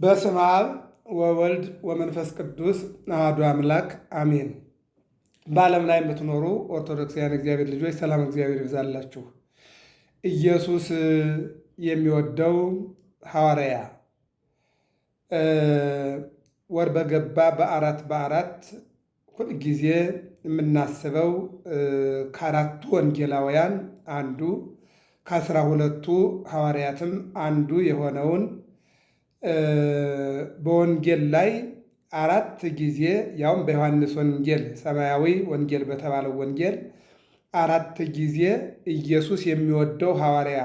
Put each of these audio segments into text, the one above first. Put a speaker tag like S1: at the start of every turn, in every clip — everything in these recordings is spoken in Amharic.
S1: በስመ አብ ወወልድ ወመንፈስ ቅዱስ አሐዱ አምላክ አሜን። በዓለም ላይ የምትኖሩ ኦርቶዶክሳውያን እግዚአብሔር ልጆች ሰላም እግዚአብሔር ይብዛላችሁ። ኢየሱስ የሚወደው ሐዋርያ ወር በገባ በአራት በአራት ሁልጊዜ የምናስበው ከአራቱ ወንጌላውያን አንዱ ከአስራ ሁለቱ ሐዋርያትም አንዱ የሆነውን በወንጌል ላይ አራት ጊዜ ያውም በዮሐንስ ወንጌል ሰማያዊ ወንጌል በተባለው ወንጌል አራት ጊዜ ኢየሱስ የሚወደው ሐዋርያ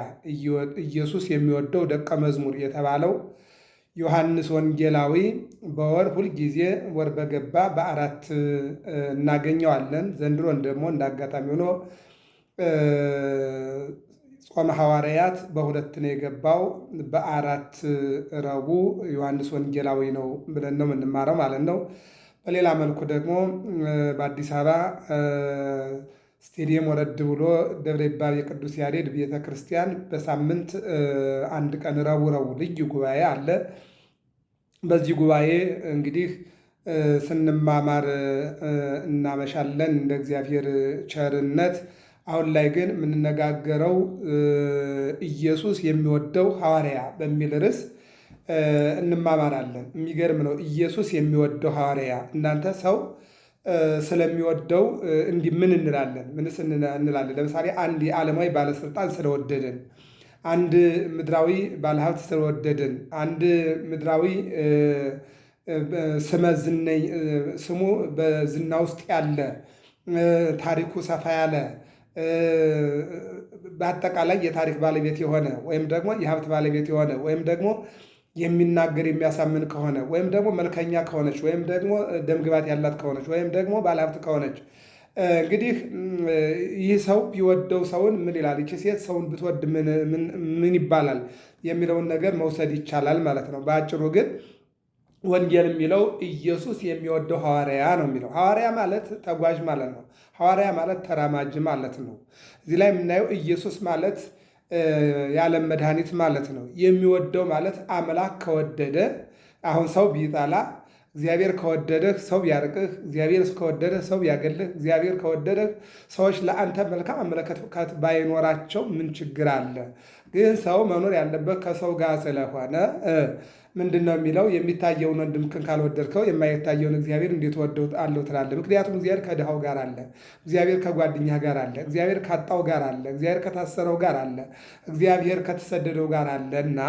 S1: ኢየሱስ የሚወደው ደቀ መዝሙር የተባለው ዮሐንስ ወንጌላዊ በወር ሁልጊዜ ወር በገባ በአራት እናገኘዋለን። ዘንድሮን ደግሞ እንዳጋጣሚ ሆኖ ጾመ ሐዋርያት በሁለት ነው የገባው፣ በአራት ረቡዕ ዮሐንስ ወንጌላዊ ነው ብለን ነው የምንማረው ማለት ነው። በሌላ መልኩ ደግሞ በአዲስ አበባ ስቴዲየም ወረድ ብሎ ደብረ ይባብ የቅዱስ ያሬድ ቤተ ክርስቲያን በሳምንት አንድ ቀን ረቡዕ ረቡዕ ልዩ ጉባኤ አለ። በዚህ ጉባኤ እንግዲህ ስንማማር እናመሻለን እንደ እግዚአብሔር ቸርነት አሁን ላይ ግን የምንነጋገረው ኢየሱስ የሚወደው ሐዋርያ በሚል ርዕስ እንማማራለን። የሚገርም ነው። ኢየሱስ የሚወደው ሐዋርያ እናንተ ሰው ስለሚወደው እንዲህ ምን እንላለን? ምንስ እንላለን? ለምሳሌ አንድ የዓለማዊ ባለስልጣን ስለወደደን፣ አንድ ምድራዊ ባለሀብት ስለወደደን፣ አንድ ምድራዊ ስመ ዝነኝ ስሙ በዝና ውስጥ ያለ ታሪኩ ሰፋ ያለ በአጠቃላይ የታሪክ ባለቤት የሆነ ወይም ደግሞ የሀብት ባለቤት የሆነ ወይም ደግሞ የሚናገር የሚያሳምን ከሆነ ወይም ደግሞ መልከኛ ከሆነች ወይም ደግሞ ደምግባት ያላት ከሆነች ወይም ደግሞ ባለሀብት ከሆነች እንግዲህ ይህ ሰው ቢወደው ሰውን ምን ይላል? ይቺ ሴት ሰውን ብትወድ ምን ይባላል? የሚለውን ነገር መውሰድ ይቻላል ማለት ነው። በአጭሩ ግን ወንጌል የሚለው ኢየሱስ የሚወደው ሐዋርያ ነው የሚለው። ሐዋርያ ማለት ተጓዥ ማለት ነው። ሐዋርያ ማለት ተራማጅ ማለት ነው። እዚህ ላይ የምናየው ኢየሱስ ማለት የዓለም መድኃኒት ማለት ነው። የሚወደው ማለት አምላክ ከወደደ አሁን ሰው ቢጠላ እግዚአብሔር ከወደደህ ሰው ቢያርቅህ፣ እግዚአብሔር ከወደደህ ሰው ቢያገልህ፣ እግዚአብሔር ከወደደህ ሰዎች ለአንተ መልካም አመለካከት ባይኖራቸው ምን ችግር አለ? ግን ሰው መኖር ያለበት ከሰው ጋር ስለሆነ ምንድን ነው የሚለው የሚታየውን ወንድምህን ካልወደድከው የማይታየውን እግዚአብሔር እንዴት አለው ትላለህ? ምክንያቱም እግዚአብሔር ከድሃው ጋር አለ፣ እግዚአብሔር ከጓደኛ ጋር አለ፣ እግዚአብሔር ካጣው ጋር አለ፣ እግዚአብሔር ከታሰረው ጋር አለ፣ እግዚአብሔር ከተሰደደው ጋር አለ እና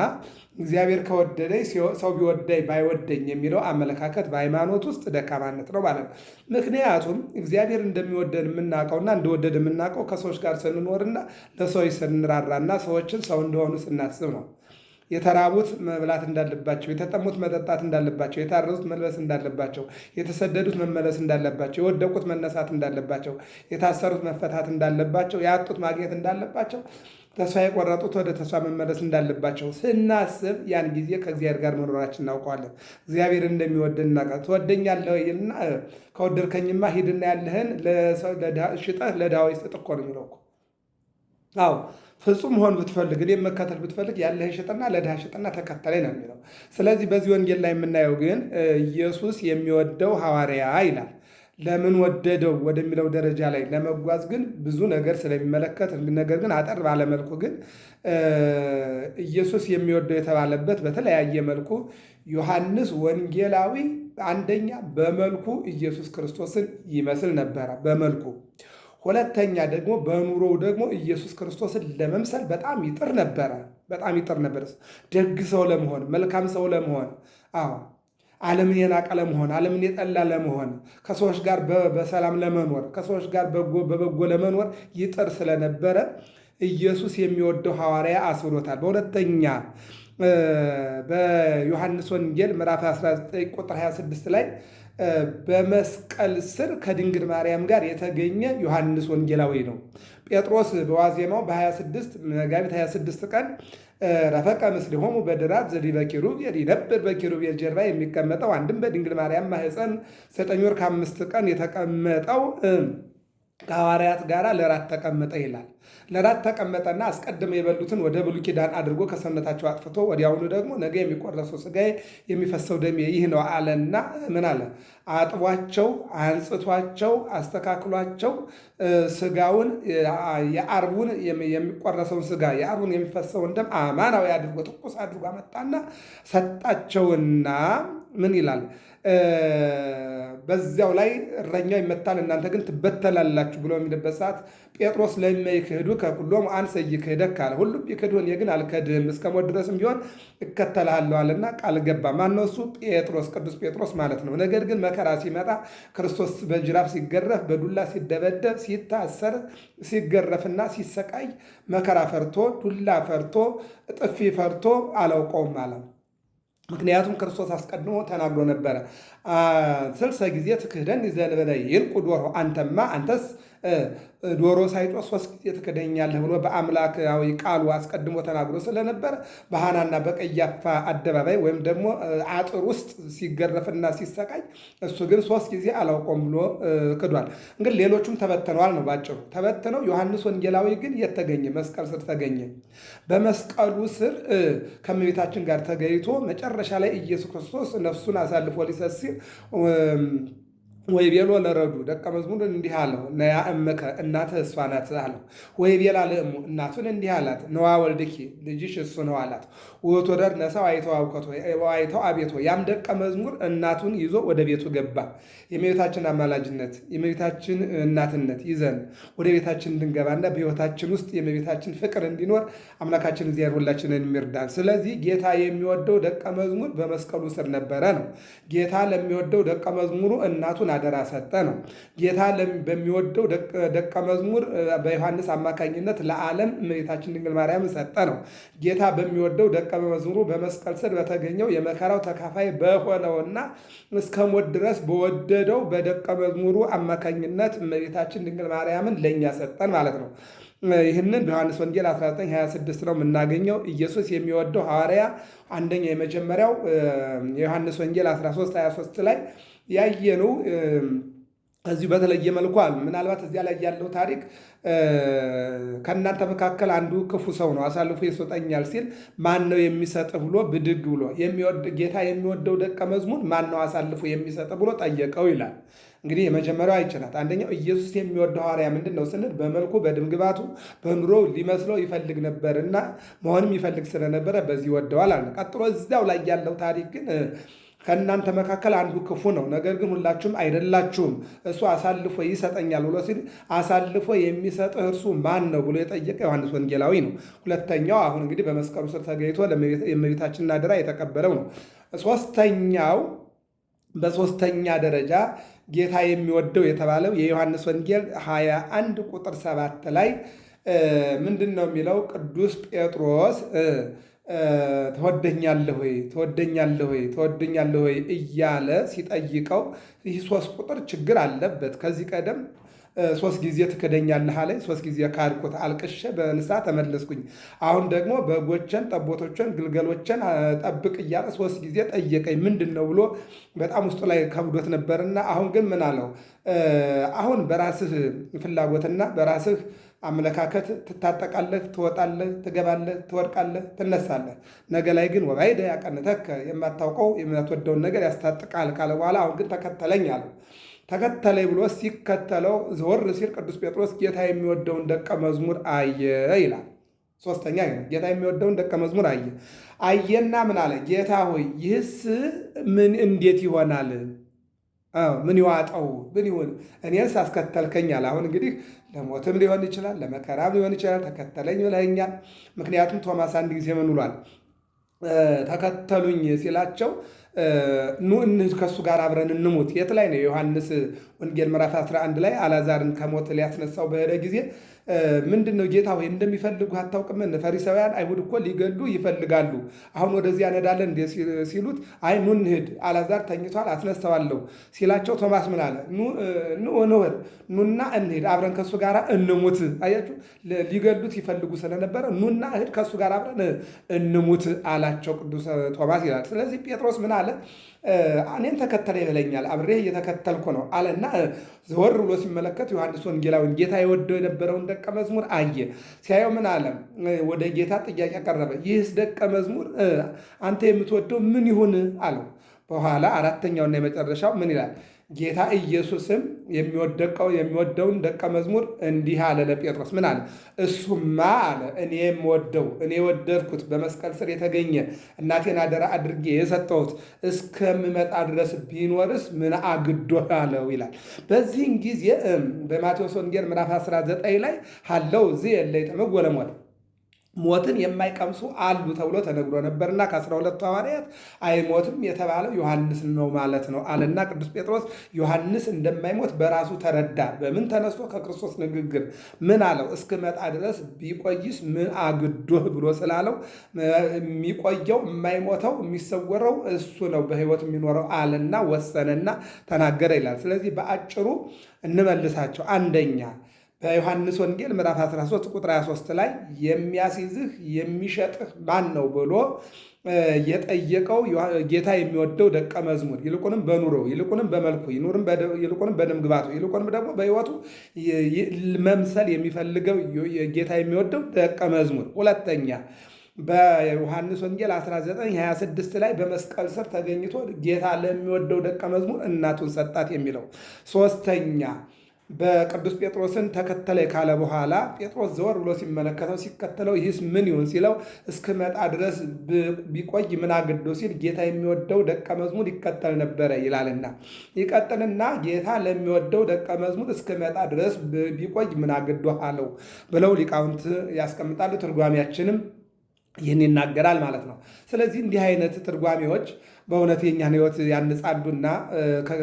S1: እግዚአብሔር ከወደደኝ ሰው ቢወደኝ ባይወደኝ የሚለው አመለካከት በሃይማኖት ውስጥ ደካማነት ነው ማለት ነው። ምክንያቱም እግዚአብሔር እንደሚወደን የምናውቀውና እንደወደድ የምናውቀው ከሰዎች ጋር ስንኖርና ለሰዎች ስንራራና ሰዎችን ሰው እንደሆኑ ስናስብ ነው። የተራቡት መብላት እንዳለባቸው፣ የተጠሙት መጠጣት እንዳለባቸው፣ የታረዙት መልበስ እንዳለባቸው፣ የተሰደዱት መመለስ እንዳለባቸው፣ የወደቁት መነሳት እንዳለባቸው፣ የታሰሩት መፈታት እንዳለባቸው፣ ያጡት ማግኘት እንዳለባቸው ተስፋ የቆረጡት ወደ ተስፋ መመለስ እንዳለባቸው ስናስብ ያን ጊዜ ከእግዚአብሔር ጋር መኖራችን እናውቀዋለን። እግዚአብሔር እንደሚወደን እናቀ ትወደኛለህና ከወደድከኝማ ሂድና ያለህን ሽጠህ ለድሃው ስጥ እኮ ነው የሚለው አዎ ፍጹም ሆን ብትፈልግ እኔም መከተል ብትፈልግ ያለህን ሽጥና ለድሃ ሽጥና ተከተለኝ ነው የሚለው። ስለዚህ በዚህ ወንጌል ላይ የምናየው ግን ኢየሱስ የሚወደው ሐዋርያ ይላል ለምን ወደደው ወደሚለው ደረጃ ላይ ለመጓዝ ግን ብዙ ነገር ስለሚመለከት ነገር ግን አጠር ባለመልኩ ግን ኢየሱስ የሚወደው የተባለበት በተለያየ መልኩ ዮሐንስ ወንጌላዊ አንደኛ በመልኩ ኢየሱስ ክርስቶስን ይመስል ነበረ፣ በመልኩ ሁለተኛ ደግሞ በኑሮው ደግሞ ኢየሱስ ክርስቶስን ለመምሰል በጣም ይጥር ነበረ። በጣም ይጥር ነበር፣ ደግ ሰው ለመሆን መልካም ሰው ለመሆን አዎ ዓለምን የናቀ ለመሆን ዓለምን የጠላ ለመሆን ከሰዎች ጋር በሰላም ለመኖር ከሰዎች ጋር በበጎ ለመኖር ይጥር ስለነበረ ኢየሱስ የሚወደው ሐዋርያ አስብሎታል። በሁለተኛ በዮሐንስ ወንጌል ምዕራፍ 19 ቁጥር 26 ላይ በመስቀል ስር ከድንግል ማርያም ጋር የተገኘ ዮሐንስ ወንጌላዊ ነው። ጴጥሮስ በዋዜማው በ26 መጋቢት 26 ቀን ረፈቀ ምስሊሆሙ በድራት ዘዲ ኪሩቤል ይነብር በኪሩቤል ጀርባ የሚቀመጠው አንድም በድንግል ማርያም ማህፀን ዘጠኝ ወር ከአምስት ቀን የተቀመጠው ከሐዋርያት ጋር ለራት ተቀመጠ ይላል። ለራት ተቀመጠና አስቀድመ የበሉትን ወደ ብሉይ ኪዳን አድርጎ ከሰውነታቸው አጥፍቶ ወዲያውኑ ደግሞ ነገ የሚቆረሰው ሥጋዬ የሚፈሰው ደሜ ይህ ነው አለና ምን አለ? አጥቧቸው፣ አንጽቷቸው፣ አስተካክሏቸው ስጋውን የአርቡን የሚቆረሰውን ስጋ የአርቡን የሚፈሰውን ደም አማናዊ አድርጎ ትኩስ አድርጎ አመጣና ሰጣቸውና ምን ይላል በዚያው ላይ እረኛው ይመታል፣ እናንተ ግን ትበተላላችሁ ብሎ የሚልበት ሰዓት ጴጥሮስ ይክህዱ ከሁሎም አንሰ ይክህደክ ካለ ሁሉም ቢክድህ እኔ ግን አልከድህም እስከ ሞት ድረስም ቢሆን እከተልሃለዋልና ቃል ገባ። ማነው እሱ? ጴጥሮስ፣ ቅዱስ ጴጥሮስ ማለት ነው። ነገር ግን መከራ ሲመጣ ክርስቶስ በጅራፍ ሲገረፍ፣ በዱላ ሲደበደብ፣ ሲታሰር፣ ሲገረፍና ሲሰቃይ መከራ ፈርቶ ዱላ ፈርቶ ጥፊ ፈርቶ አላውቀውም አለ። ምክንያቱም ክርስቶስ አስቀድሞ ተናግሮ ነበረ። ስልሰ ጊዜ ትክህደን ዘንበለ ይልቁ ዶሮ አንተማ አንተስ ዶሮ ሳይጮህ ሶስት ጊዜ ትክደኛለህ ብሎ በአምላካዊ ቃሉ አስቀድሞ ተናግሮ ስለነበረ በሃናና በቀያፋ አደባባይ ወይም ደግሞ አጥር ውስጥ ሲገረፍና ሲሰቃይ እሱ ግን ሶስት ጊዜ አላውቆም ብሎ ክዷል። እንግዲህ ሌሎቹም ተበትነዋል ነው ባጭሩ። ተበትነው ዮሐንስ ወንጌላዊ ግን የት ተገኘ? መስቀል ስር ተገኘ። በመስቀሉ ስር ከእመቤታችን ጋር ተገይቶ መጨረሻ ላይ ኢየሱስ ክርስቶስ ነፍሱን አሳልፎ ሊሰሲ acontecer. Um, ወይ ቤሎ ለረዱ ደቀ መዝሙርን እንዲህ አለው ነያ እምከ እናተ እሷ ናት አለው። ወይ ቤላ ለእሙ እናቱን እንዲህ አላት ነዋ ወልድኪ ልጅሽ እሱ ነው አላት። ደር ነሰው አይተው አቤቶ ያም ደቀ መዝሙር እናቱን ይዞ ወደ ቤቱ ገባ። የእመቤታችን አማላጅነት የእመቤታችን እናትነት ይዘን ወደ ቤታችን እንድንገባና በሕይወታችን ውስጥ የእመቤታችን ፍቅር እንዲኖር አምላካችን እግዚአብሔር ሁላችንን የሚርዳን። ስለዚህ ጌታ የሚወደው ደቀ መዝሙር በመስቀሉ ስር ነበረ ነው። ጌታ ለሚወደው ደቀ መዝሙሩ እናቱን አደራ ሰጠ ነው። ጌታ በሚወደው ደቀ መዝሙር በዮሐንስ አማካኝነት ለዓለም እመቤታችን ድንግል ማርያምን ሰጠ ነው። ጌታ በሚወደው ደቀ መዝሙሩ በመስቀል ስር በተገኘው የመከራው ተካፋይ በሆነውና እስከ ሞት ድረስ በወደደው በደቀ መዝሙሩ አማካኝነት እመቤታችን ድንግል ማርያምን ለእኛ ሰጠን ማለት ነው። ይህንን በዮሐንስ ወንጌል 1926 ነው የምናገኘው። ኢየሱስ የሚወደው ሐዋርያ አንደኛ የመጀመሪያው የዮሐንስ ወንጌል 1323 ላይ ያየነው እዚሁ በተለየ መልኩ አሉ። ምናልባት እዚያ ላይ ያለው ታሪክ ከእናንተ መካከል አንዱ ክፉ ሰው ነው አሳልፎ ይሰጠኛል ሲል ማን ነው የሚሰጥ ብሎ ብድግ ብሎ ጌታ የሚወደው ደቀ መዝሙር ማን ነው አሳልፎ የሚሰጥ ብሎ ጠየቀው ይላል። እንግዲህ የመጀመሪያው አይችናት አንደኛው ኢየሱስ የሚወደው ሐዋርያ ምንድን ነው ስንል በመልኩ በድምግባቱ በኑሮ ሊመስለው ይፈልግ ነበር እና መሆንም ይፈልግ ስለነበረ በዚህ ወደዋል አለ። ቀጥሎ እዚያው ላይ ያለው ታሪክ ግን ከእናንተ መካከል አንዱ ክፉ ነው፣ ነገር ግን ሁላችሁም አይደላችሁም። እሱ አሳልፎ ይሰጠኛል ብሎ ሲል አሳልፎ የሚሰጥህ እርሱ ማን ነው ብሎ የጠየቀ ዮሐንስ ወንጌላዊ ነው። ሁለተኛው አሁን እንግዲህ በመስቀሉ ስር ተገኝቶ የእመቤታችንን አደራ የተቀበለው ነው። ሶስተኛው በሶስተኛ ደረጃ ጌታ የሚወደው የተባለው የዮሐንስ ወንጌል 21 ቁጥር 7 ላይ ምንድን ነው የሚለው? ቅዱስ ጴጥሮስ ትወደኛለህ ወይ ትወደኛለህ ወይ ትወደኛለህ ወይ እያለ ሲጠይቀው ይህ ሶስት ቁጥር ችግር አለበት። ከዚህ ቀደም ሶስት ጊዜ ትክደኛለህ አለኝ ሶስት ጊዜ ካድኩት አልቅሼ በንስሐ ተመለስኩኝ። አሁን ደግሞ በጎቼን ጠቦቶቼን ግልገሎቼን ጠብቅ እያለ ሶስት ጊዜ ጠየቀኝ ምንድነው ብሎ በጣም ውስጡ ላይ ከብዶት ነበርና አሁን ግን ምን አለው? አሁን በራስህ ፍላጎትና በራስህ አመለካከት ትታጠቃለህ፣ ትወጣለህ፣ ትገባለህ፣ ትወድቃለህ፣ ትነሳለህ። ነገ ላይ ግን ወባይደ ያቀንተከ የማታውቀው የምትወደውን ነገር ያስታጥቃል ካለ በኋላ አሁን ግን ተከተለኝ አለ። ተከተለኝ ብሎ ሲከተለው ዘወር ሲል ቅዱስ ጴጥሮስ ጌታ የሚወደውን ደቀ መዝሙር አየ ይላል። ሶስተኛ ጌታ የሚወደውን ደቀ መዝሙር አየ። አየና ምን አለ? ጌታ ሆይ ይህስ ምን እንዴት ይሆናል? ምን ይዋጠው ምን ይሁን እኔን ሳስከተልከኛል። አሁን እንግዲህ ለሞትም ሊሆን ይችላል፣ ለመከራም ሊሆን ይችላል። ተከተለኝ ብለኛል ምክንያቱም ቶማስ አንድ ጊዜ ምን ውሏል ተከተሉኝ ሲላቸው ኑ እንሂድ ከእሱ ጋር አብረን እንሙት። የት ላይ ነው? ዮሐንስ ወንጌል ምዕራፍ 11 ላይ አላዛርን ከሞት ሊያስነሳው በሄደ ጊዜ ምንድን ነው ጌታ ወይ እንደሚፈልጉ አታውቅምን? ፈሪሳውያን አይሁድ እኮ ሊገሉ ይፈልጋሉ። አሁን ወደዚያ እንሄዳለን እንደ ሲሉት አይ ኑ እንሂድ፣ አላዛር ተኝቷል፣ አስነሳዋለሁ ሲላቸው ቶማስ ምን አለ? ንወር ኑና እንሂድ፣ አብረን ከእሱ ጋር እንሙት። አያችሁ ሊገሉት ይፈልጉ ስለነበረ ኑና እህድ ከእሱ ጋር አብረን እንሙት አላቸው ቅዱስ ቶማስ ይላል። ስለዚህ ጴጥሮስ ምን አለ? እኔን ተከተለ ይበለኛል፣ አብሬ እየተከተልኩ ነው አለና ዘወር ብሎ ሲመለከት ዮሐንስ ወንጌላዊን ጌታ የወደው የነበረውን ደቀ መዝሙር አየ። ሲያየው ምን አለ? ወደ ጌታ ጥያቄ ቀረበ ይህስ ደቀ መዝሙር አንተ የምትወደው ምን ይሁን አለው። በኋላ አራተኛውና የመጨረሻው ምን ይላል? ጌታ ኢየሱስም የሚወደቀው የሚወደውን ደቀ መዝሙር እንዲህ አለ ለጴጥሮስ ምን አለ? እሱማ አለ እኔ የምወደው እኔ ወደድኩት በመስቀል ስር የተገኘ እናቴን አደራ አድርጌ የሰጠሁት እስከምመጣ ድረስ ቢኖርስ ምን አግዶ አለው ይላል። በዚህን ጊዜ በማቴዎስ ወንጌል ምዕራፍ 19 ላይ አለው እዚህ የለ ይጠመግ ሞትን የማይቀምሱ አሉ ተብሎ ተነግሮ ነበርና ከአስራ ሁለቱ ሐዋርያት አይሞትም የተባለው ዮሐንስ ነው ማለት ነው አለና ቅዱስ ጴጥሮስ ዮሐንስ እንደማይሞት በራሱ ተረዳ። በምን ተነስቶ? ከክርስቶስ ንግግር። ምን አለው? እስክመጣ ድረስ ቢቆይስ ምን አግዶህ ብሎ ስላለው የሚቆየው የማይሞተው የሚሰወረው እሱ ነው በህይወት የሚኖረው አለና ወሰነና ተናገረ ይላል። ስለዚህ በአጭሩ እንመልሳቸው አንደኛ በዮሐንስ ወንጌል ምዕራፍ 13 ቁጥር 23 ላይ የሚያስይዝህ የሚሸጥህ ማን ነው ብሎ የጠየቀው ጌታ የሚወደው ደቀ መዝሙር ይልቁንም በኑሮው ይልቁንም በመልኩ ይልቁንም በደምግባቱ ይልቁንም ደግሞ በሕይወቱ መምሰል የሚፈልገው ጌታ የሚወደው ደቀ መዝሙር። ሁለተኛ በዮሐንስ ወንጌል 19:26 ላይ በመስቀል ስር ተገኝቶ ጌታ ለሚወደው ደቀ መዝሙር እናቱን ሰጣት የሚለው ሶስተኛ በቅዱስ ጴጥሮስን ተከተለ ካለ በኋላ ጴጥሮስ ዘወር ብሎ ሲመለከተው ሲከተለው ይህስ ምን ይሁን ሲለው እስክመጣ ድረስ ቢቆይ ምን አግዶ ሲል ጌታ የሚወደው ደቀ መዝሙር ይከተል ነበረ ይላልና ይቀጥልና ጌታ ለሚወደው ደቀ መዝሙር እስክመጣ ድረስ ቢቆይ ምን አግዶ አለው ብለው ሊቃውንት ያስቀምጣሉ። ትርጓሚያችንም? ይህን ይናገራል ማለት ነው። ስለዚህ እንዲህ አይነት ትርጓሜዎች በእውነት የኛን ህይወት ያንጻሉና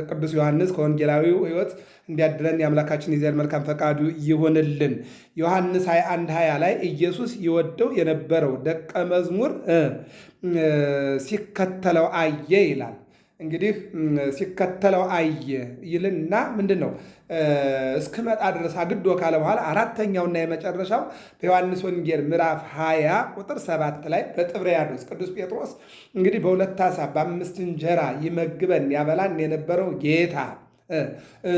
S1: ከቅዱስ ዮሐንስ ከወንጌላዊው ህይወት እንዲያድረን የአምላካችን የዚያን መልካም ፈቃዱ ይሁንልን። ዮሐንስ 21 20 ላይ ኢየሱስ ይወደው የነበረው ደቀ መዝሙር ሲከተለው አየ ይላል። እንግዲህ ሲከተለው አየ ይልና ምንድን ነው እስክመጣ ድረስ አግዶ ካለ በኋላ አራተኛውና የመጨረሻው በዮሐንስ ወንጌል ምዕራፍ 20 ቁጥር 7 ላይ በጥብርያዶስ ቅዱስ ጴጥሮስ እንግዲህ በሁለት ዓሣ በአምስት እንጀራ ይመግበን ያበላን የነበረው ጌታ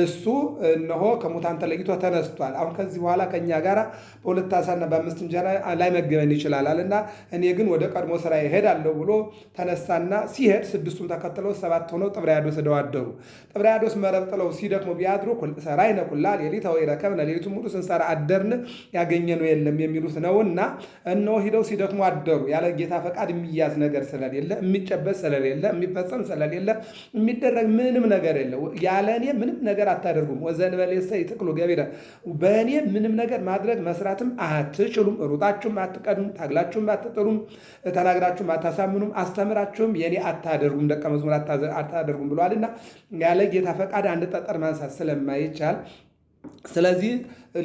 S1: እሱ እነሆ ከሙታን ተለይቶ ተነስቷል። አሁን ከዚህ በኋላ ከእኛ ጋር በሁለት ዓሣና በአምስት እንጀራ ላይመገበን ይችላል አለና እኔ ግን ወደ ቀድሞ ስራ ይሄዳለሁ ብሎ ተነሳና ሲሄድ ስድስቱም ተከትለው ሰባት ሆነው ጥብርያዶስ ደዋደሩ። ጥብርያዶስ መረብ ጥለው ሲደክሙ ቢያድሩ ሰራይነ ኩላ ሌሊት ወይ ረከብነ ሌሊቱ ሙሉ ስንሰራ አደርን ያገኘነው የለም የሚሉት ነውና እነሆ ሂደው ሲደክሙ አደሩ። ያለ ጌታ ፈቃድ የሚያዝ ነገር ስለሌለ፣ የሚጨበጥ ስለሌለ፣ የሚፈጸም ስለሌለ፣ የሚደረግ ምንም ነገር የለ ያለ በእኔ ምንም ነገር አታደርጉም። ወዘንበሌሰ ይትቅሉ ገቢረ፣ በእኔ ምንም ነገር ማድረግ መስራትም አትችሉም። ሩጣችሁም አትቀዱም፣ ታግላችሁም አትጥሩም፣ ተናግራችሁም አታሳምኑም፣ አስተምራችሁም የእኔ አታደርጉም፣ ደቀ መዝሙር አታደርጉም ብለዋልና ያለ ጌታ ፈቃድ አንድ ጠጠር ማንሳት ስለማይቻል ስለዚህ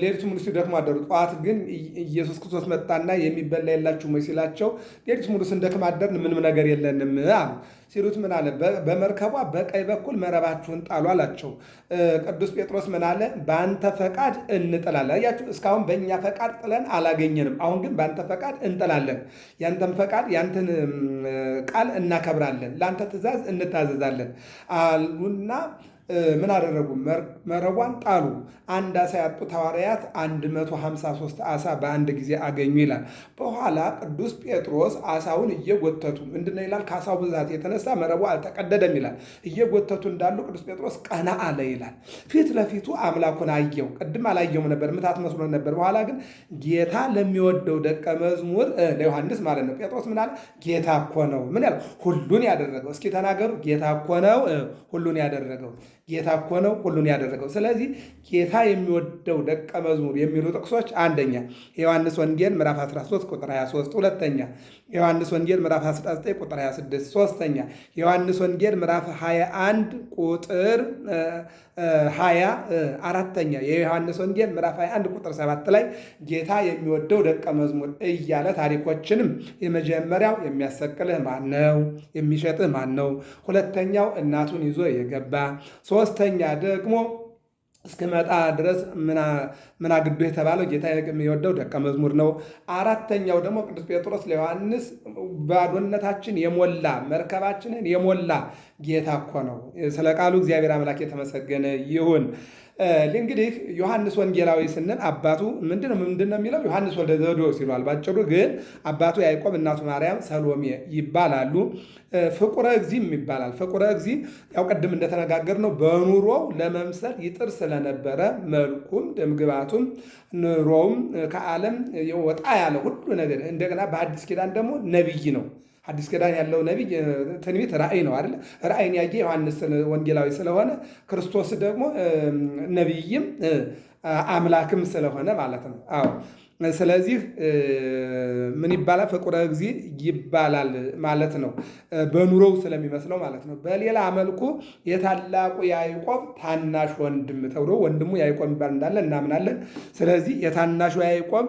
S1: ሌሊቱ ሙሉ ሲደክሙ አደሩ። ጠዋት ግን ኢየሱስ ክርስቶስ መጣና የሚበላ የላችሁ ወይ ሲላቸው ሌሊቱ ሙሉ ስንደክም አደርን፣ ምንም ነገር የለንም አሉ። ሲሉት ምን አለ? በመርከቧ በቀኝ በኩል መረባችሁን ጣሉ አላቸው። ቅዱስ ጴጥሮስ ምን አለ? በአንተ ፈቃድ እንጥላለን። አያችሁ፣ እስካሁን በእኛ ፈቃድ ጥለን አላገኘንም። አሁን ግን በአንተ ፈቃድ እንጥላለን። ያንተን ፈቃድ ያንተን ቃል እናከብራለን፣ ለአንተ ትእዛዝ እንታዘዛለን አሉና ምን አደረጉ? መረቧን ጣሉ። አንድ አሳ ያጡ ሐዋርያት 153 አሳ በአንድ ጊዜ አገኙ ይላል። በኋላ ቅዱስ ጴጥሮስ አሳውን እየጎተቱ ምንድነው ይላል? ከአሳው ብዛት የተነሳ መረቡ አልተቀደደም ይላል። እየጎተቱ እንዳሉ ቅዱስ ጴጥሮስ ቀና አለ ይላል። ፊት ለፊቱ አምላኩን አየው። ቅድም አላየውም ነበር፣ ምታት መስሎ ነበር። በኋላ ግን ጌታ ለሚወደው ደቀ መዝሙር ለዮሐንስ ማለት ነው። ጴጥሮስ ምን አለ? ጌታ እኮ ነው ምን ያለው ሁሉን ያደረገው። እስኪ ተናገሩ። ጌታ እኮ ነው ሁሉን ያደረገው ጌታ እኮ ነው ሁሉን ያደረገው። ስለዚህ ጌታ የሚወደው ደቀ መዝሙር የሚሉ ጥቅሶች አንደኛ የዮሐንስ ወንጌል ምዕራፍ 13 ቁጥር 23፣ ሁለተኛ የዮሐንስ ወንጌል ምዕራፍ 19 ቁጥር 26፣ ሶስተኛ የዮሐንስ ወንጌል ምዕራፍ 21 ቁጥር 20፣ አራተኛ የዮሐንስ ወንጌል ምዕራፍ 21 ቁጥር 7 ላይ ጌታ የሚወደው ደቀ መዝሙር እያለ ታሪኮችንም የመጀመሪያው የሚያሰቅልህ ማን ነው? የሚሸጥህ ማን ነው? ሁለተኛው እናቱን ይዞ የገባ ሶስተኛ ደግሞ እስክመጣ ድረስ ምና የተባለው ጌታ የሚወደው ደቀ መዝሙር ነው። አራተኛው ደግሞ ቅዱስ ጴጥሮስ ለዮሐንስ ባዶነታችን የሞላ መርከባችንን የሞላ ጌታ እኮ ነው። ስለ ቃሉ እግዚአብሔር አምላክ የተመሰገነ ይሁን። እንግዲህ ዮሐንስ ወንጌላዊ ስንል አባቱ ምንድነው ምንድነው የሚለው ዮሐንስ ወልደ ዘብዴዎስ ይሏል። ባጭሩ ግን አባቱ ያዕቆብ እናቱ ማርያም ሰሎሜ ይባላሉ። ፍቁረ እግዚም ይባላል። ፍቁረ እግዚ ያው ቅድም ነው በኑሮ ለመምሰል ይጥር ስለነበረ መልኩም ደምግባቱም ኑሮውም ከዓለም ወጣ ያለ ሁሉ ነገር እንደገና በአዲስ ኪዳን ደግሞ ነቢይ ነው። አዲስ ኪዳን ያለው ነቢይ ትንቢት ራእይ ነው አይደለ? ራእይን ያየ ዮሐንስ ወንጌላዊ ስለሆነ ክርስቶስ ደግሞ ነቢይም አምላክም ስለሆነ ማለት ነው። አዎ ስለዚህ ምን ይባላል? ፍቁረ እግዚ ይባላል ማለት ነው። በኑሮው ስለሚመስለው ማለት ነው። በሌላ መልኩ የታላቁ ያዕቆብ ታናሽ ወንድም ተብሎ ወንድሙ ያዕቆብ ይባል እንዳለ እናምናለን። ስለዚህ የታናሹ ያዕቆብ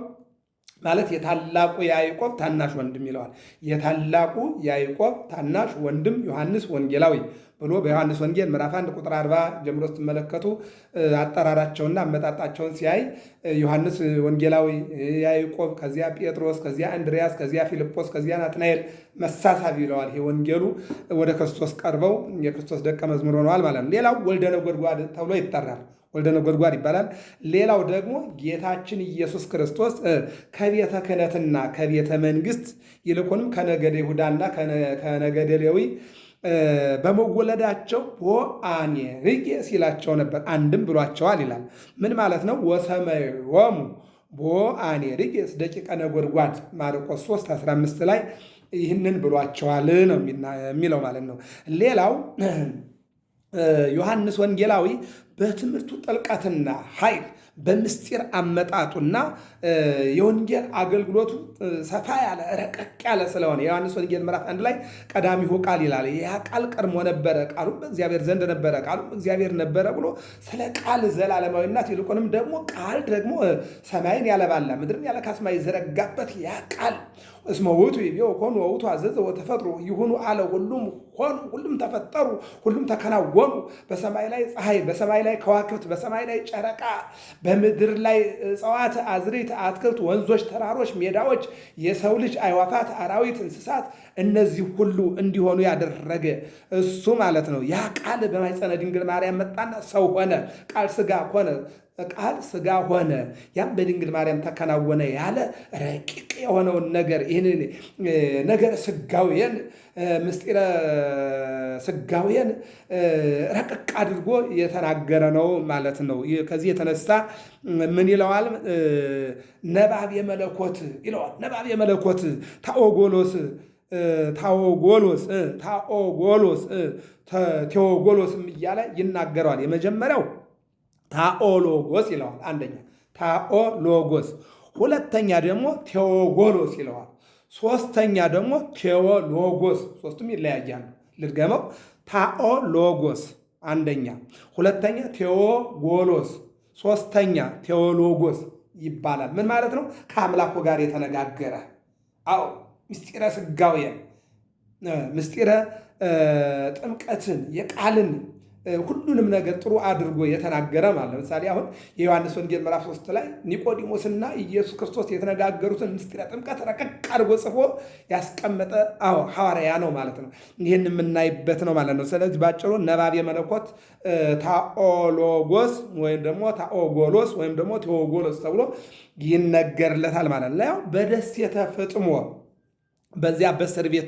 S1: ማለት የታላቁ ያዕቆብ ታናሽ ወንድም ይለዋል። የታላቁ ያዕቆብ ታናሽ ወንድም ዮሐንስ ወንጌላዊ ብሎ በዮሐንስ ወንጌል ምዕራፍ 1 ቁጥር 40 ጀምሮ ስትመለከቱ አጠራራቸውና አመጣጣቸውን ሲያይ ዮሐንስ ወንጌላዊ፣ ያዕቆብ፣ ከዚያ ጴጥሮስ፣ ከዚያ አንድሪያስ ከዚያ ፊልጶስ፣ ከዚያ ናትናኤል መሳሳቢ ይለዋል። ይሄ ወንጌሉ ወደ ክርስቶስ ቀርበው የክርስቶስ ደቀ መዝሙር ሆነዋል ማለት ነው። ሌላው ወልደ ነጎድጓድ ተብሎ ይጠራል። ወልደ ነጎድጓድ ይባላል። ሌላው ደግሞ ጌታችን ኢየሱስ ክርስቶስ ከቤተ ክህነትና ከቤተ መንግስት ይልቁንም ከነገደ ይሁዳና ከነገደ ሌዊ በመወለዳቸው ቦአኔርጌ ሲላቸው ነበር። አንድም ብሏቸዋል ይላል። ምን ማለት ነው? ወሰመዮሙ ቦአኔርጌ ደቂቀ ነጎድጓድ ማርቆስ 3 15 ላይ ይህንን ብሏቸዋል ነው የሚለው ማለት ነው። ሌላው ዮሐንስ ወንጌላዊ በትምህርቱ ጥልቀትና ኃይል በምስጢር አመጣጡና የወንጌል አገልግሎቱ ሰፋ ያለ ረቀቅ ያለ ስለሆነ የዮሐንስ ወንጌል ምዕራፍ አንድ ላይ ቀዳሚሁ ቃል ይላል። ያ ቃል ቀድሞ ነበረ፣ ቃሉም በእግዚአብሔር ዘንድ ነበረ፣ ቃሉም እግዚአብሔር ነበረ ብሎ ስለ ቃል ዘላለማዊነት ይልቁንም ደግሞ ቃል ደግሞ ሰማይን ያለባላ ምድርን ያለ ካስማ የዘረጋበት ያ ቃል እስመ ውእቱ ይቤው ኮኑ ወውእቱ አዘዘ ወተፈጥሮ ይሁኑ አለ። ሁሉም ሆኑ፣ ሁሉም ተፈጠሩ፣ ሁሉም ተከናወኑ። በሰማይ ላይ ፀሐይ፣ በሰማይ ላይ ከዋክብት፣ በሰማይ ላይ ጨረቃ በምድር ላይ እጽዋት፣ አዝሪት፣ አትክልት፣ ወንዞች፣ ተራሮች፣ ሜዳዎች፣ የሰው ልጅ፣ አይዋፋት፣ አራዊት፣ እንስሳት እነዚህ ሁሉ እንዲሆኑ ያደረገ እሱ ማለት ነው። ያ ቃል በማኅፀነ ድንግል ማርያም መጣና ሰው ሆነ። ቃል ስጋ ሆነ ቃል ስጋ ሆነ። ያም በድንግል ማርያም ተከናወነ ያለ ረቂቅ የሆነውን ነገር ይህንን ነገር ሥጋዌን ምስጢረ ስጋዌን ረቀቅ አድርጎ የተናገረ ነው ማለት ነው። ከዚህ የተነሳ ምን ይለዋል? ነባብ የመለኮት ይለዋል። ነባብ የመለኮት ታኦጎሎስ ታኦጎሎስ ታኦጎሎስ ቴዎጎሎስም እያለ ይናገረዋል። የመጀመሪያው ታኦሎጎስ ይለዋል። አንደኛ ታኦሎጎስ፣ ሁለተኛ ደግሞ ቴዎጎሎስ ይለዋል። ሶስተኛ ደግሞ ቴዎሎጎስ፣ ሶስቱም ይለያያሉ። ልድገመው፣ ታኦሎጎስ አንደኛ፣ ሁለተኛ ቴዎጎሎስ፣ ሶስተኛ ቴዎሎጎስ ይባላል። ምን ማለት ነው? ከአምላኩ ጋር የተነጋገረ አዎ፣ ምስጢረ ስጋውየን ምስጢረ ጥምቀትን የቃልን ሁሉንም ነገር ጥሩ አድርጎ የተናገረ ማለት ለምሳሌ አሁን የዮሐንስ ወንጌል ምዕራፍ ሶስት ላይ ኒቆዲሞስና ኢየሱስ ክርስቶስ የተነጋገሩትን ምስጢረ ጥምቀት ረቀቅ አድርጎ ጽፎ ያስቀመጠ አዎ ሐዋርያ ነው ማለት ነው። ይህን የምናይበት ነው ማለት ነው። ስለዚህ ባጭሩ ነባቤ መለኮት ታኦሎጎስ ወይም ደግሞ ታኦጎሎስ ወይም ደግሞ ቴዎጎሎስ ተብሎ ይነገርለታል ማለት ነው። ያው በደሴተ ፍጥሞ በዚያ በእስር ቤት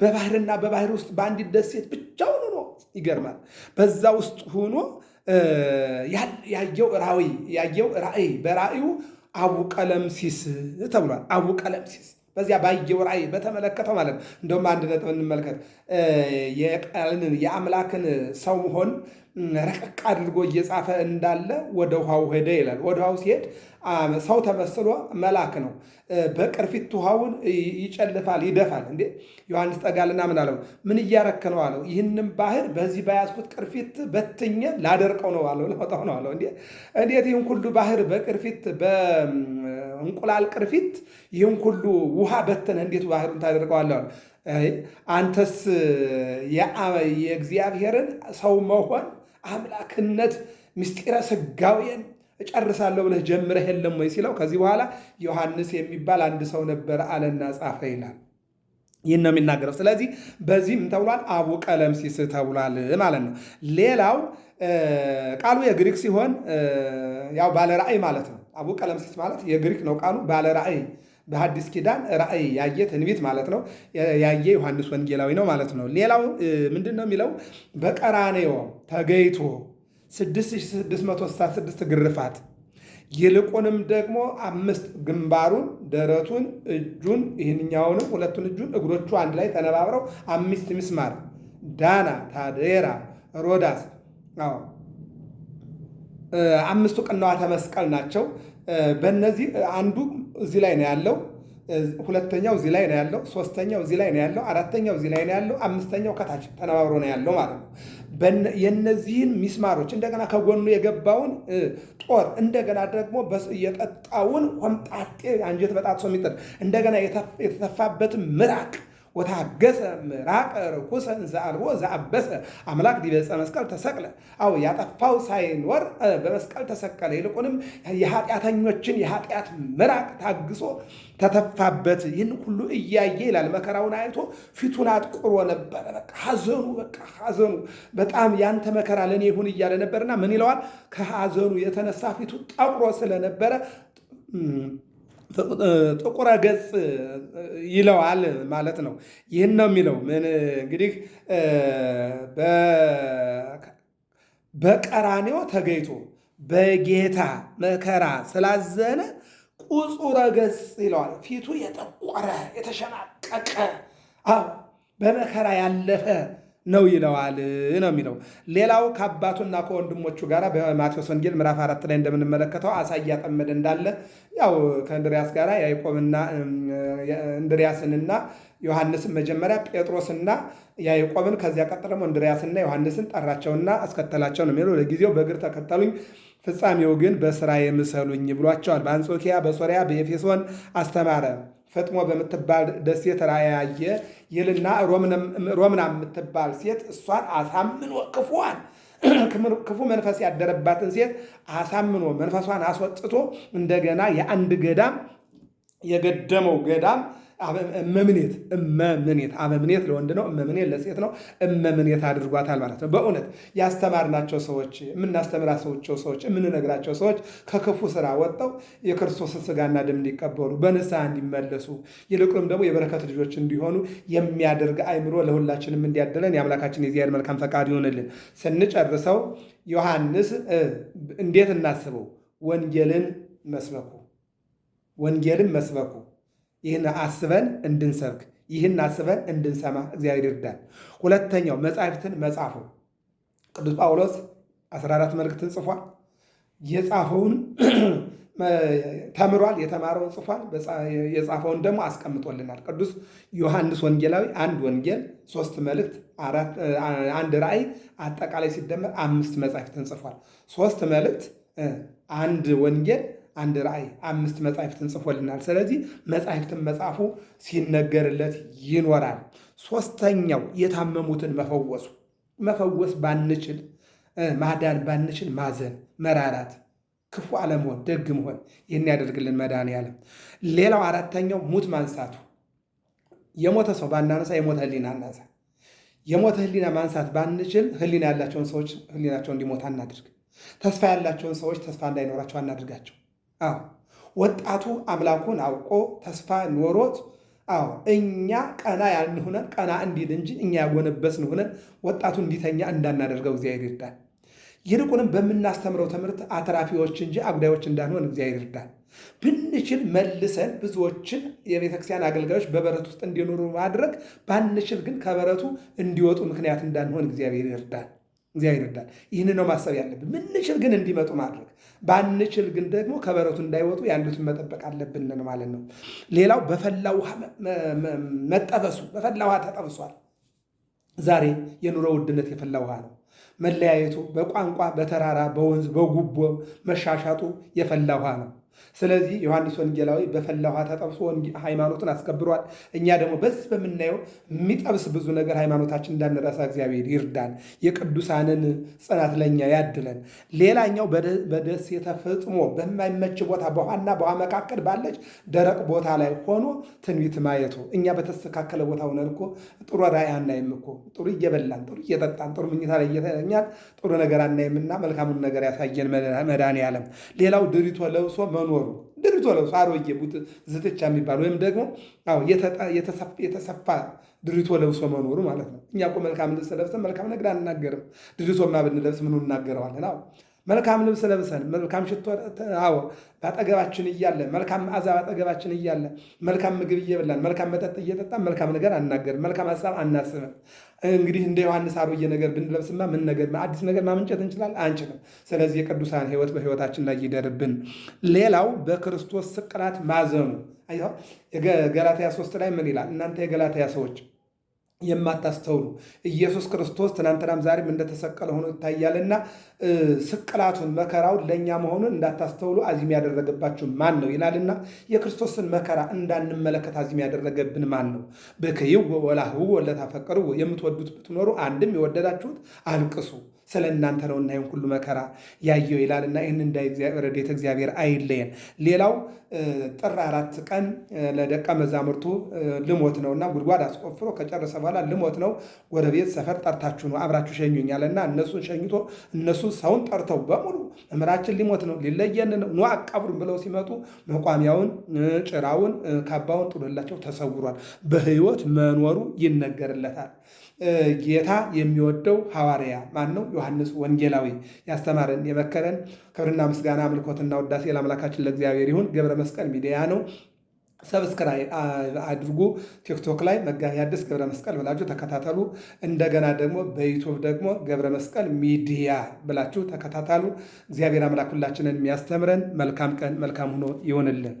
S1: በባህርና በባህር ውስጥ በአንዲት ደሴት ብቻውን ሆኖ ይገርማል። በዛ ውስጥ ሆኖ ያየው ራእይ ያየው ራእይ በራእዩ አቡ ቀለምሲስ ተብሏል። አቡ ቀለምሲስ በዚያ ባየው ራእይ በተመለከተው ማለት ነው። እንደውም አንድ ነጥብ እንመልከት። የቃልን የአምላክን ሰው መሆን ረቀቅ አድርጎ እየጻፈ እንዳለ ወደ ውሃው ሄደ ይላል። ወደ ውሃው ሲሄድ ሰው ተመስሎ መልአክ ነው። በቅርፊት ውሃውን ይጨልፋል፣ ይደፋል። እንዴ ዮሐንስ ጠጋልና ምን አለው? ምን እያረክ ነው አለው። ይህንም ባህር በዚህ በያዝኩት ቅርፊት በትኘ ላደርቀው ነው አለው፣ ላወጣው ነው አለው። እንዴ እንዴት ይህን ሁሉ ባህር በቅርፊት በእንቁላል ቅርፊት ይህን ሁሉ ውሃ በትነ እንዴት ባህሩን ታደርቀዋለህ አንተስ የእግዚአብሔርን ሰው መሆን አምላክነት ምስጢረ ስጋዌን እጨርሳለሁ ብለህ ጀምረህ የለም ወይ ሲለው ከዚህ በኋላ ዮሐንስ የሚባል አንድ ሰው ነበር አለና ጻፈ ይላል። ይህን ነው የሚናገረው። ስለዚህ በዚህም ተብሏል አቡ ቀለምሲስ ተብሏል ማለት ነው። ሌላው ቃሉ የግሪክ ሲሆን ያው ባለ ራእይ ማለት ነው። አቡ ቀለምሲስ ማለት የግሪክ ነው ቃሉ ባለ ራእይ በሐዲስ ኪዳን ራእይ ያየ ትንቢት ማለት ነው። ያየ ዮሐንስ ወንጌላዊ ነው ማለት ነው። ሌላው ምንድን ነው የሚለው በቀራኔዮ ተገይቶ 6666 ግርፋት ይልቁንም ደግሞ አምስት ግንባሩን፣ ደረቱን፣ እጁን ይህንኛውንም ሁለቱን እጁን እግሮቹ አንድ ላይ ተነባብረው አምስት ሚስማር ዳና፣ ታዴራ፣ ሮዳስ አምስቱ ቅንዋተ መስቀል ናቸው። በእነዚህ አንዱ እዚህ ላይ ነው ያለው። ሁለተኛው እዚህ ላይ ነው ያለው፣ ሶስተኛው እዚህ ላይ ነው ያለው፣ አራተኛው እዚህ ላይ ነው ያለው፣ አምስተኛው ከታች ተነባብሮ ነው ያለው ማለት ነው። የነዚህን ሚስማሮች እንደገና ከጎኑ የገባውን ጦር እንደገና ደግሞ የጠጣውን ሆምጣጤ አንጀት በጣጥሶ የሚጠጥ እንደገና የተተፋበትን ምራቅ ወታገሰ ምራቀ ርኩሰን ዘአልቦ ዘአበሰ አምላክ ዲበፀ መስቀል ተሰቅለ። አዎ ያጠፋው ሳይኖር በመስቀል ተሰቀለ። ይልቁንም የኃጢአተኞችን የኃጢአት ምራቅ ታግሶ ተተፋበት። ይህን ሁሉ እያየ ይላል መከራውን አይቶ ፊቱን አጥቁሮ ነበረ። በቃ ሐዘኑ በቃ ሐዘኑ በጣም ያንተ መከራ ለእኔ ይሁን እያለ ነበርና ምን ይለዋል? ከሐዘኑ የተነሳ ፊቱ ጠቁሮ ስለነበረ ጥቁረ ገጽ ይለዋል ማለት ነው። ይህን ነው የሚለው ምን እንግዲህ በቀራኔው ተገይቶ በጌታ መከራ ስላዘነ ቁጹረ ገጽ ይለዋል። ፊቱ የጠቆረ የተሸናቀቀ አዎ በመከራ ያለፈ ነው ይለዋል ነው የሚለው። ሌላው ከአባቱና ከወንድሞቹ ጋር በማቴዎስ ወንጌል ምዕራፍ አራት ላይ እንደምንመለከተው አሳ እያጠመደ እንዳለ ያው ከእንድሪያስ ጋር ያዕቆብና እንድሪያስንና ዮሐንስን መጀመሪያ ጴጥሮስና ያዕቆብን ከዚያ ቀጥሎ ደግሞ እንድሪያስና ዮሐንስን ጠራቸውና አስከተላቸው ነው የሚለው። ለጊዜው በእግር ተከተሉኝ ፍጻሜው ግን በስራ የምሰሉኝ ብሏቸዋል። በአንጾኪያ በሶሪያ በኤፌሶን አስተማረ። ፈጥሞ በምትባል ደሴት ራእይ ያየ ይልና ሮምና የምትባል ሴት እሷን አሳምኖ ክፉዋን ክፉ መንፈስ ያደረባትን ሴት አሳምኖ መንፈሷን አስወጥቶ እንደገና የአንድ ገዳም የገደመው ገዳም እመምኔት እመምኔት ለወንድ ነው፣ እመምኔት ለሴት ነው። እመምኔት አድርጓታል ማለት ነው። በእውነት ያስተማርናቸው ሰዎች፣ የምናስተምራቸው ሰዎች፣ የምንነግራቸው ሰዎች ከክፉ ስራ ወጥተው የክርስቶስን ስጋና ደም እንዲቀበሉ በንስሐ እንዲመለሱ ይልቁንም ደግሞ የበረከት ልጆች እንዲሆኑ የሚያደርግ አይምሮ ለሁላችንም እንዲያደለን የአምላካችን የዚያድ መልካም ፈቃድ ይሆንልን። ስንጨርሰው ዮሐንስ እንዴት እናስበው? ወንጌልን መስበኩ ወንጌልን መስበኩ ይህን አስበን እንድንሰብክ ይህን አስበን እንድንሰማ እግዚአብሔር ይርዳል። ሁለተኛው መጻሕፍትን መጻፉ ቅዱስ ጳውሎስ 14 መልእክትን ጽፏል። የጻፈውን ተምሯል፣ የተማረውን ጽፏል፣ የጻፈውን ደግሞ አስቀምጦልናል። ቅዱስ ዮሐንስ ወንጌላዊ አንድ ወንጌል፣ ሶስት መልእክት፣ አንድ ራእይ፣ አጠቃላይ ሲደመር አምስት መጻሕፍትን ጽፏል። ሶስት መልእክት፣ አንድ ወንጌል አንድ ራእይ አምስት መጻሕፍትን ጽፎልናል። ስለዚህ መጻሕፍትን መጻፉ ሲነገርለት ይኖራል። ሶስተኛው የታመሙትን መፈወሱ መፈወስ ባንችል ማዳን ባንችል ማዘን፣ መራራት፣ ክፉ አለመሆን፣ ደግ መሆን ይህን ያደርግልን መድኃኔዓለም። ሌላው አራተኛው ሙት ማንሳቱ የሞተ ሰው ባናነሳ የሞተ ህሊና አናንሳ። የሞተ ህሊና ማንሳት ባንችል ህሊና ያላቸውን ሰዎች ህሊናቸው እንዲሞት አናድርግ። ተስፋ ያላቸውን ሰዎች ተስፋ እንዳይኖራቸው አናድርጋቸው። አዎ ወጣቱ አምላኩን አውቆ ተስፋ ኖሮት አዎ እኛ ቀና ያልንሆነ ቀና እንዲል እንጂ እኛ ያጎነበስን ሆነ ወጣቱ እንዲተኛ እንዳናደርገው እግዚአብሔር ይርዳል። ይልቁንም በምናስተምረው ትምህርት አትራፊዎች እንጂ አጉዳዮች እንዳንሆን እግዚአብሔር ይርዳል። ብንችል መልሰን ብዙዎችን የቤተክርስቲያን አገልጋዮች በበረት ውስጥ እንዲኖሩ ማድረግ ባንችል ግን ከበረቱ እንዲወጡ ምክንያት እንዳንሆን እግዚአብሔር ይርዳል። እግዚአብሔር ይርዳል። ይህን ነው ማሰብ ያለብን። ምንችል ግን እንዲመጡ ማድረግ ባንችል ግን ደግሞ ከበረቱ እንዳይወጡ ያሉትን መጠበቅ አለብን ማለት ነው። ሌላው በፈላ ውሃ መጠበሱ፣ በፈላ ውሃ ተጠብሷል። ዛሬ የኑሮ ውድነት የፈላ ውሃ ነው። መለያየቱ በቋንቋ በተራራ በወንዝ በጉቦ መሻሻጡ የፈላ ውሃ ነው። ስለዚህ ዮሐንስ ወንጌላዊ በፈላ ውሃ ተጠብሶ ሃይማኖትን አስከብሯል። እኛ ደግሞ በዚህ በምናየው የሚጠብስ ብዙ ነገር ሃይማኖታችን እንዳንረሳ እግዚአብሔር ይርዳን። የቅዱሳንን ጽናት ለእኛ ያድለን። ሌላኛው በደስ የተፈጽሞ በማይመች ቦታ በውሃና በውሃ መካከል ባለች ደረቅ ቦታ ላይ ሆኖ ትንቢት ማየቱ እኛ በተስተካከለ ቦታ ሆነን እኮ ጥሩ ራእይ አናይም እኮ ጥሩ እየበላን ጥሩ እየጠጣን ጥሩ ምኝታ ላይ እየተኛን ጥሩ ነገር አናይምና መልካሙን ነገር ያሳየን መድኃኔ ዓለም። ሌላው ድሪቶ ለብሶ መኖ መኖሩ ድሪቶ ለብሶ አሮጌ ቡት ዝትቻ የሚባል ወይም ደግሞ የተሰፋ ድሪቶ ለብሶ መኖሩ ማለት ነው። እኛ እኮ መልካም ልብስ ለብሰን መልካም ነገር አንናገርም። ድሪቶማ ብንለብስ ምኑ እናገረዋለን? መልካም ልብስ ለብሰን መልካም ሽቶ አዎ ባጠገባችን እያለ መልካም መዓዛ ባጠገባችን እያለ መልካም ምግብ እየበላን መልካም መጠጥ እየጠጣን መልካም ነገር አናገርም፣ መልካም ሀሳብ አናስብም። እንግዲህ እንደ ዮሐንስ አሮጌ ነገር ብንለብስማ ምን ነገር አዲስ ነገር ማመንጨት እንችላል? አንችልም። ስለዚህ የቅዱሳን ሕይወት በሕይወታችን ላይ ይደርብን። ሌላው በክርስቶስ ስቅላት ማዘኑ ገላትያ ሶስት ላይ ምን ይላል? እናንተ የገላትያ ሰዎች የማታስተውሉ ኢየሱስ ክርስቶስ ትናንትናም ዛሬም እንደተሰቀለ ሆኖ ይታያልና ስቅላቱን መከራውን ለእኛ መሆኑን እንዳታስተውሉ አዚም ያደረገባችሁ ማን ነው ይላልና የክርስቶስን መከራ እንዳንመለከት አዚም ያደረገብን ማን ነው? ብክይው ወላህው ወለታፈቀሩ የምትወዱት ብትኖሩ አንድም የወደዳችሁት አልቅሱ ስለ እናንተ ነውና ይህን ሁሉ መከራ ያየው እና ይህን እንደ ረድኤተ እግዚአብሔር አይለየን። ሌላው ጥር አራት ቀን ለደቀ መዛሙርቱ ልሞት እና ጉድጓድ አስቆፍሮ ከጨረሰ በኋላ ልሞት ነው፣ ጎረቤት ሰፈር ጠርታችሁ ነው አብራችሁ ሸኙኛልና እነሱን ሸኝቶ እነሱ ሰውን ጠርተው በሙሉ መምህራችን ሊሞት ነው ሊለየን ነው ኑ አቀብሩን ብለው ሲመጡ መቋሚያውን፣ ጭራውን፣ ካባውን ጥሎላቸው ተሰውሯል። በህይወት መኖሩ ይነገርለታል። ጌታ የሚወደው ሐዋርያ ማን ነው? ዮሐንስ ወንጌላዊ ያስተማረን የመከረን። ክብርና ምስጋና አምልኮትና ውዳሴ ለአምላካችን ለእግዚአብሔር ይሁን። ገብረ መስቀል ሚዲያ ነው። ሰብስክራይብ አድርጉ። ቲክቶክ ላይ መጋቢ አዲስ ገብረ መስቀል ብላችሁ ተከታተሉ። እንደገና ደግሞ በዩቱብ ደግሞ ገብረ መስቀል ሚዲያ ብላችሁ ተከታተሉ። እግዚአብሔር አምላክ ሁላችንን የሚያስተምረን መልካም ቀን መልካም ሆኖ ይሆንልን።